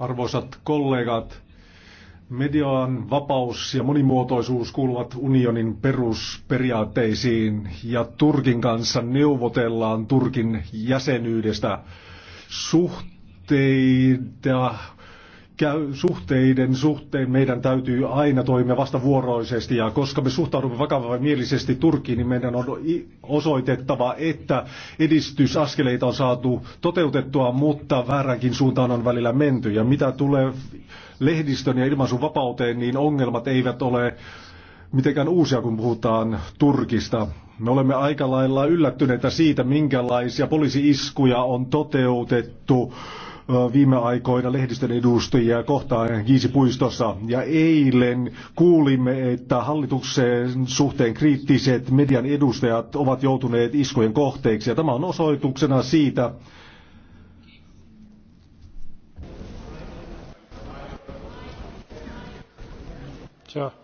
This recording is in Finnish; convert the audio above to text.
Arvoisat kollegat, median vapaus ja monimuotoisuus kuuluvat unionin perusperiaatteisiin ja Turkin kanssa neuvotellaan Turkin jäsenyydestä. Suhteita käy suhteiden suhteen meidän täytyy aina toimia vastavuoroisesti ja koska me suhtaudumme vakavamielisesti Turkkiin, niin meidän on osoitettava, että edistysaskeleita on saatu toteutettua, mutta vääränkin suuntaan on välillä menty. Ja mitä tulee lehdistön ja ilmaisun vapauteen, niin ongelmat eivät ole mitenkään uusia, kun puhutaan Turkista. Me olemme aika lailla yllättyneitä siitä, minkälaisia poliisiiskuja on toteutettu viime aikoina lehdistön edustajia kohtaan Giisipuistossa. Ja eilen kuulimme, että hallituksen suhteen kriittiset median edustajat ovat joutuneet iskujen kohteeksi. Ja tämä on osoituksena siitä, Joo.